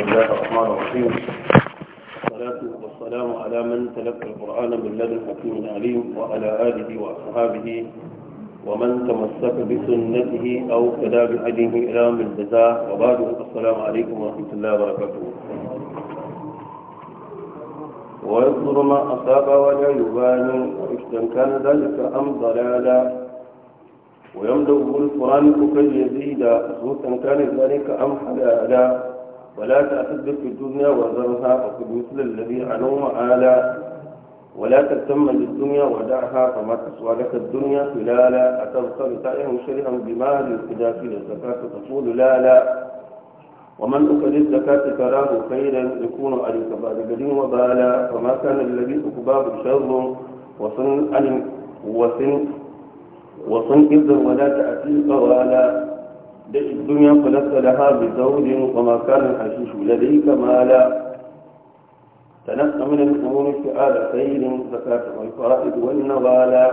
بسم الله الرحمن الرحيم والصلاة والسلام على من تلقى القرآن من لدن الحكيم العليم وعلى آله وأصحابه ومن تمسك بسنته أو كدا بهديه إلى من جزاه وبعد السلام عليكم ورحمة الله وبركاته ويذكر ما أصاب ولا يبالي إذا كان ذلك أم ضلالا ويملأ القرآن كي يزيد سوءا كان ذلك أم حلالا ولا تأخذ في الدنيا وذرها فقد مثل الذي علوم آلا ولا تهتم للدنيا ودعها فما تسوى لك الدنيا فلالا أتبقى بتائهم شرها بمال الخداف للزكاة تقول لا لا ومن أكل الزكاة تراه خيرا يكون عليك بعد بد وبالا فما كان الذي أكباب شر وصن وصن وصن إذن ولا تأتي قوالا da duniya kudasta da harbi zaune kuma makarin hashishu da dai ta nasa mini tsohonin fi'a da sayirin zaka ta mai fara'i wani na bala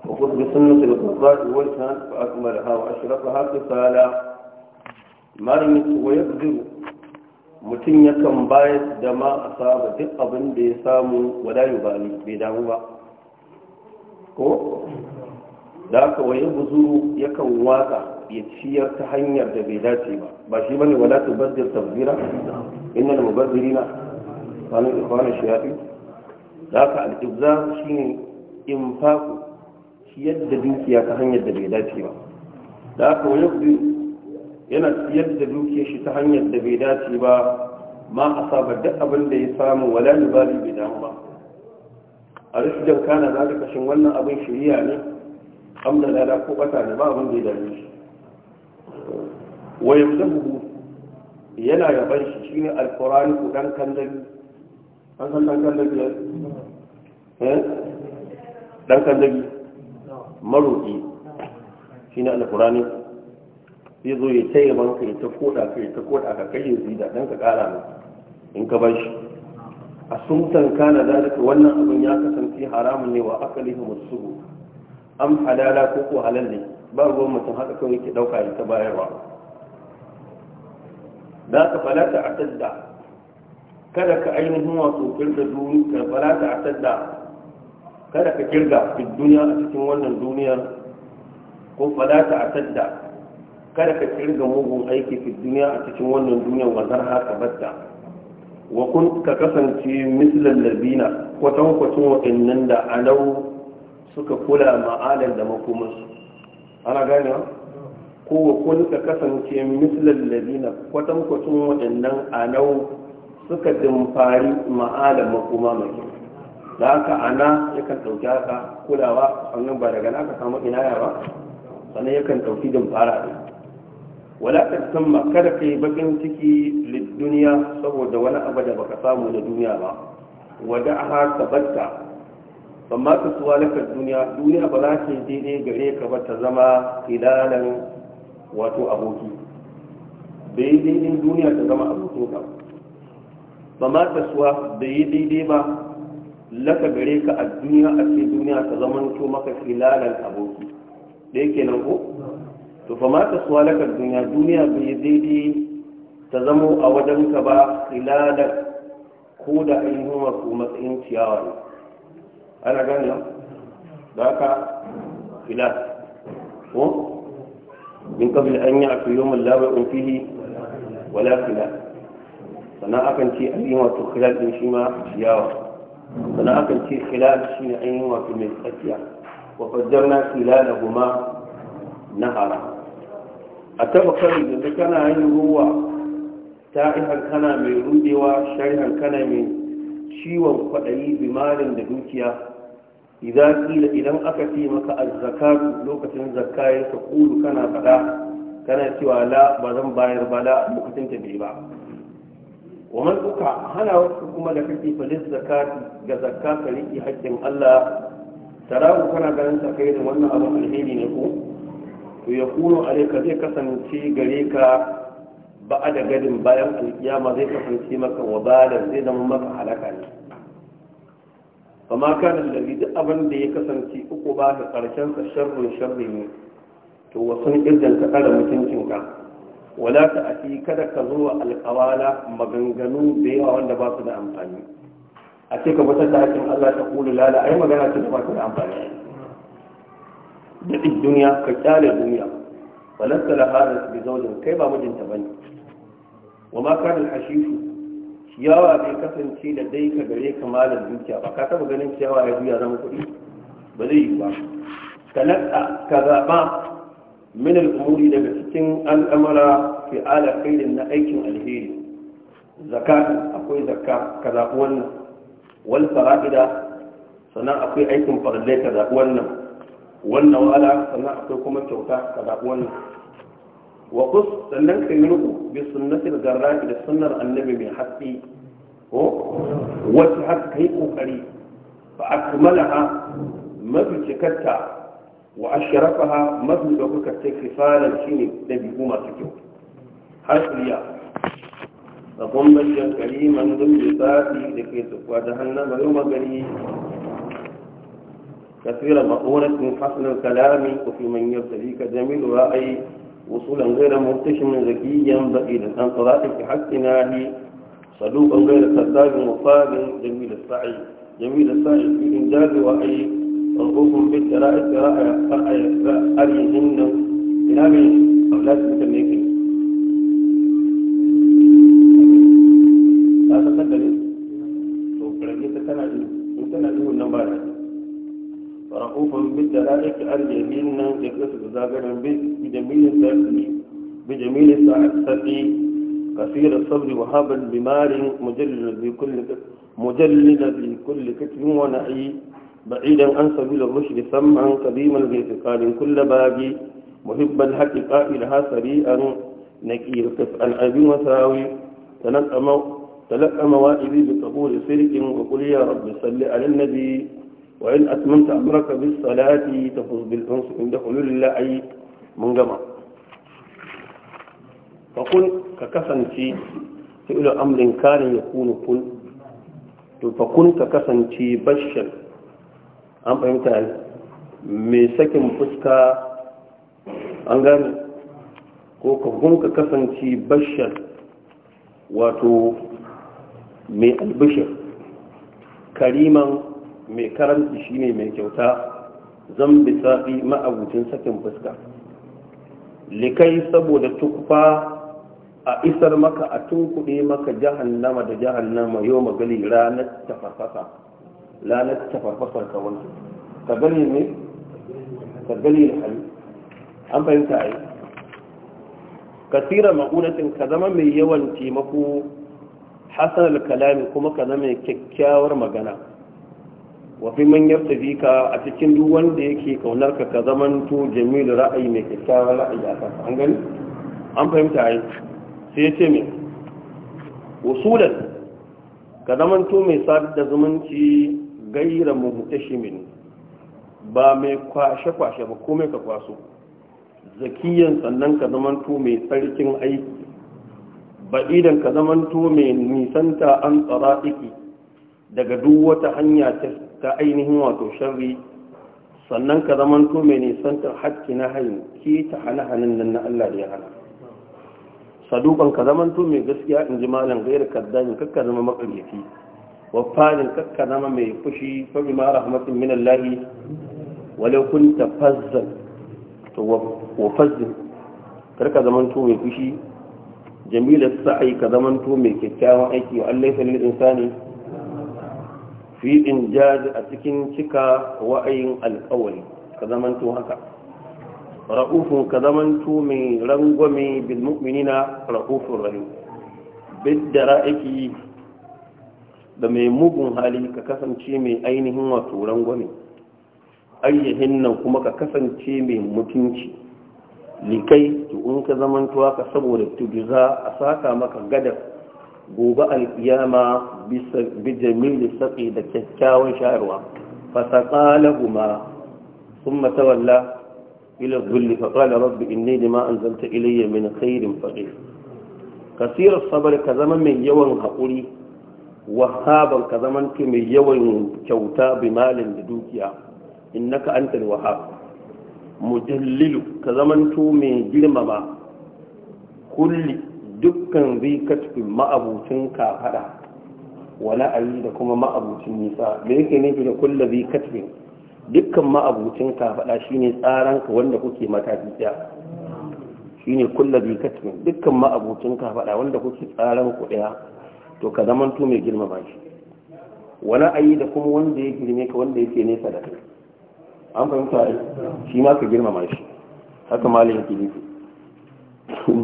a kudu sunan su da kudu wani ta nasa fa'a kuma da hawa ashirafa haka sala marin yi tsohon ya zuru mutum ya kan bayar da ma a saba duk abin da ya samu wada yi ba bai damu ba ko da aka waye buzuru ya kan waka ya ciyar ta hanyar da bai dace ba ba shi bane wala tubaddir tabdira innal mubazzirina kanu ikhwana shayatin da haka al-ibza shine infaku ciyar da dukiya ta hanyar da bai dace ba da haka wani yana yadda dukiya shi ta hanyar da bai dace ba ma a saba duk abin da ya samu wala libari bai damu ba a rashin kana za ka kashin wannan abin shirya ne amda lada ko bata ne ba abin da ya dame wa yamdahu yana yaban shi shi alqurani ku dan kandali an san dan kandabi eh dan kandabi maruki ne alqurani zai zo ya taya banka ya ta koda ka ya ta koda ka kai yanzu da dan ka kara ne in ka bar shi a sumtan kana dalika wannan abin ya kasance haramun ne wa akalihi musubu am halala ko ko halal ne ba ruwan mutum haka kawai ke dauka ya ta bayarwa za ka falata a tadda kada ka ainihin wato kirga duniya ka falata a tadda kada ka kirga duk duniya a cikin wannan duniyar ko falata a tadda kada ka kirga mugun aiki fi duniya a cikin wannan duniyar wazar haka batta wa kun ka kasance mislan lazina kwatankwacin waɗannan da anau suka kula ma'alar da makomansu ana ganewa ko wa kasance mislal ladina kwatan kwatun waɗannan anau suka dimfari ma'ala kuma mai da haka ana yakan ɗauki haka kulawa sannan ba daga naka samu inaya ba sannan yakan ɗauki dimfara ne wala ta tamma kada kai bakin ciki duniya saboda wani abu da baka samu na duniya ba wada aha tabatta amma ka suwa laka duniya duniya ba za ta daidai gare ka ba ta zama kilalan wato aboki da yi daidai duniya ta zama abokin ka ba ma ta suwa da yi daidai ba laka gare ka a duniya a ce duniya ta zama to maka filalan aboki da yake nan ko to ba ma ta suwa laka duniya duniya bai daidai ta zamo a wajen ka ba filalan ko da ainihin wasu matsayin ciyawa ne ana gani ba ka filal ko min qabl an yi ya'tu yawman la bai'un fihi wala khilal sannan akan ce ainihin wato khilal din shi ma ciyawa sannan akan ce khilal shi ne an ainihin wato mai tsakiya wa fajjarna na hara. a taba kari da kana yin ruwa ta hankana mai rudewa shari hankana mai ciwon kwaɗayi bimarin da dukiya idan kila idan aka ce maka azzakatu lokacin zakka ya taqulu kana fada kana cewa la ba zan bayar ba la lokacin ta bai ba wa man hana wasu kuma da kake falis zakati ga zakka ka riki haƙƙin Allah tarawu kana ganin ta kai da wannan abu alheri ne ko to ya kuno alaika zai kasance gare ka ba da gadin bayan alkiyama zai kasance maka wabalan zai zama maka halaka ne amma kanin da duk abin abinda ya kasance uku ba ka karshen sa sharrin sharri ne to wasu irjan ka kara mutuncinka wala ta ati kada ka zo wa alƙawala maganganu da yawa wanda ba su da amfani a ce ka mutar da hakin Allah ta kulu lala ai magana ce da ba su da amfani da duk duniya ka kyale duniya walasta la su bi zaujin kai ba mijinta ba ne. wa ma kana al-hashifu ciyawa bai kasance da dai ka gare ka malar dukiya ba ka taba ganin ciyawa ya juya zama kuɗi ba zai yi ba ka naɗa ka zaɓa min al'umuri daga cikin al'amara fi ala kairin na aikin alheri zakka akwai zakka ka zaɓi wannan wal fara'ida sannan akwai aikin farallai ka zaɓi wannan wannan wala sannan akwai kuma kyauta ka zaɓi wannan wa kus sannan ka yi ruku bi sunnatil garrati da sunnar annabi mai haske ko wacce har kai kokari fa akmalaha mafi cikatta wa ashrafaha mafi daukaka ce kifalan shine dabi'u masu kyau hasliya da bambancin kaliman dun bi sati da ke tukwa da hannama yau magani كثيرا مقولة من حسن الكلام وفي من يرتديك جميل رأي وصولا غير مرتشم ذكي ينبغي لسان صلاة في حق ناهي صدوقا غير كذاب وفاد جميل السعي جميل السعي في إنجاز وعي مرغوب بالقراءة قراءة أريهن من أبي أولاد متميكين لا تتكلم تو كرجيت تنا دي تنا معقوف بالدلالة على اليمين يقصد ذاكرا بجميل السعي بجميل السعي كثير الصبر وهابا بمال مجلل بكل مجلل بكل كتب ونعي بعيدا عن سبيل الرشد سمعا قديما باعتقاد كل باقي محب الحق قائلها سريعا نكير كف عن وساوي تلقى موائبي بقبول سرك وقل يا رب صل على النبي وإن أتممت أمرك بالصلاة تفوز بالأنس عند حلول الله أي من جمع فقل ككسن في فعل أمر كان يكون كن فكن ككسن في بشر أم فهمت mai sakin fuska an gane ko ka kasance bashar wato mai albishir kariman mai karanci shine mai kyauta zan bi sa'i ma'abucin sakin fuska likai saboda tukfa a isar maka a tunkuɗe maka jahannama da jahannama yau magali ranar tafarfasa ranar tafarfasar ka wani ka gani ne ka gani da hali an fahimta a yi tsira ma'unatin ka zama mai yawan taimako hasan alkalami kuma ka zama mai kyakkyawar magana wafi man yartabi ka a cikin duk wanda yake kaunar ka ka to jamil ra'ayi mai tsara ra'ayi a kansa an gani an fahimta ai sai ya ce me usulan ka to mai sadar da zumunci gaira min. ba mai kwashe kwashe ba komai ka kwaso zakiyan sannan ka to mai tsarkin aiki idan ka to mai nisanta an tsara daga duk wata hanya ta ta ainihin wato sharri sannan ka zaman to mai nisantar hakki na hain ke ta hana hannun nan na Allah da ya hana sadukan ka zaman to mai gaskiya in ji malam gairar kaddamin kakka zama makaryafi wafanin kakka zama mai fushi fabi ma rahmatin min Allah walau kunta fazzan to wafazzin karka zaman to mai fushi jamila sa'ai ka zaman to mai kyakkyawan aiki wa Allah ya sanin insani fi injaz a cikin cika wa'ayin alkawari ka zamanto haka ra'ufun ka zamanto mai rangwame bil mu'minina ra'ufun rahim bid da ra'iki da mai mugun hali ka kasance mai ainihin wato rangwame ayyahin nan kuma ka kasance mai mutunci likai to in ka zamanto haka saboda tujuza a saka maka gadar gobe alkiyama bi jamili da kyakkyawan shayarwa fa saqalahuma thumma tawalla ila dhilli fa qala rabbi inni lima anzalta ilayya min khairin faqir kasir sabar ka zama mai yawan haƙuri wahaban ka zaman ki mai yawan kyauta bi malin da dukiya innaka antal wahhab mujallilu ka zamanto mai girmama kulli dukkan zai katfin ma'abucin kafaɗa wani ayi da kuma ma'abucin nisa da yake nufi da kulla zai katfin dukkan ma'abucin kafaɗa shine tsaranka wanda kuke mataki ɗaya shine kulla zai katfin dukkan ma'abucin kafaɗa wanda kuke tsaran ku ɗaya to ka zamanto mai girmama shi wani ayi da kuma wanda ya girme ka wanda yake nesa da kai an fahimta shi ma ka girmama shi haka malin yake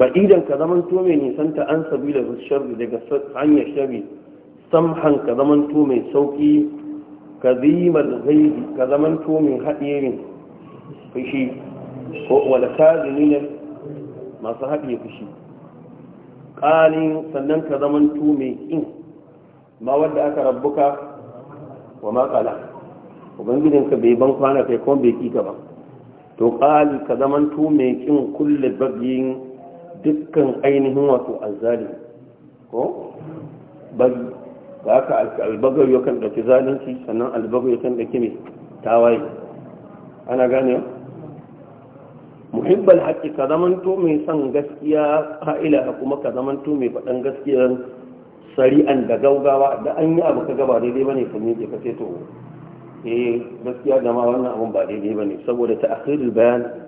ba'idan ka zaman to mai ta an da sharri daga hanyar sharri samhan ka zaman to mai sauki ka zimar zai ka zaman to mai haɗerin fushi ko wala kazini masu haɗe fushi ƙalin sannan ka zaman to mai ƙin ma wadda aka rabbuka wa maƙala ubangijinka bai ban kwana kai kuma bai ƙi ka ba to ƙali ka zaman to mai ƙin kulle babiyin dukkan ainihin wato azzali ko bari ga haka albagar yakan ɗauki zalunci sannan albagar yakan ɗauki mai tawaye ana gane muhibbal haƙƙi ka zamanto mai son gaskiya haila kuma ka zamanto mai faɗan gaskiyar sari'an da gaugawa da an yi abu ka gaba daidai ba ne ka miƙe ka ce to eh gaskiya da ma wannan abun ba daidai ba ne saboda ta akhirul bayan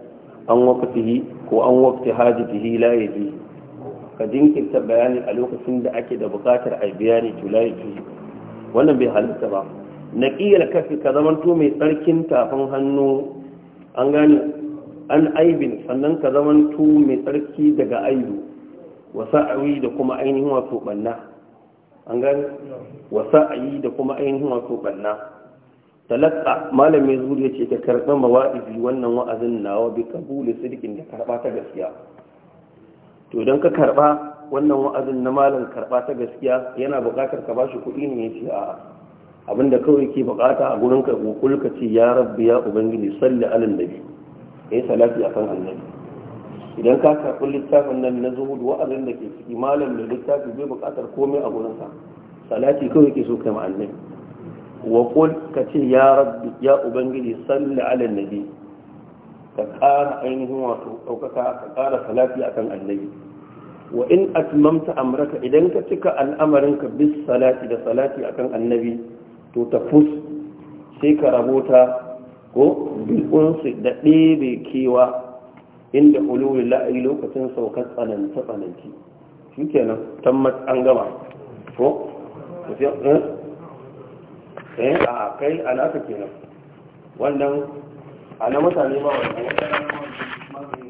an waqtihi ko an waqti hajatihi la yaji ka jinkirta bayani a lokacin da ake da bukatar ai bayani to la yaji wannan bai halitta ba naqiyal kafi ka zaman to mai tsarkin tafin hannu an gane an aibin sannan ka zaman to mai tsarki daga aibu wasa'awi da kuma ainihin wato banna an gane wasa'ayi da kuma ainihin wato banna talatta malamin zuri ya ce ka karɓi mawa'izi wannan wa'azin nawa bi kabuli sirkin da karɓa ta gaskiya to don ka karɓa wannan wa'azin na malam karɓa ta gaskiya yana buƙatar ka bashi kuɗi ne ya ce abinda kawai ke buƙata a gurin ka kokul ka ce ya rabbi ya ubangiji salli alal nabi eh salati akan annabi idan ka karɓi littafin nan na zuhud wa'azin da ke ciki malam da littafi bai buƙatar komai a gurin ka salati kawai ke so kai ma annabi wa qul ka ce ya rabbi ya ubangiji salli ala nabi ka ƙara ainihin wato ɗaukaka ka ƙara salati akan annabi wa in atmamta amraka idan ka cika al'amarin ka bis salati da salati akan annabi to tafus sai ka rabota ko bil'unsu da ɗebe kewa inda ulul la'ayi lokacin saukar tsananta tsananci shi kenan tammat an gama ko eh? sai eh, a kai a naka kenan wannan a na mutane ba wani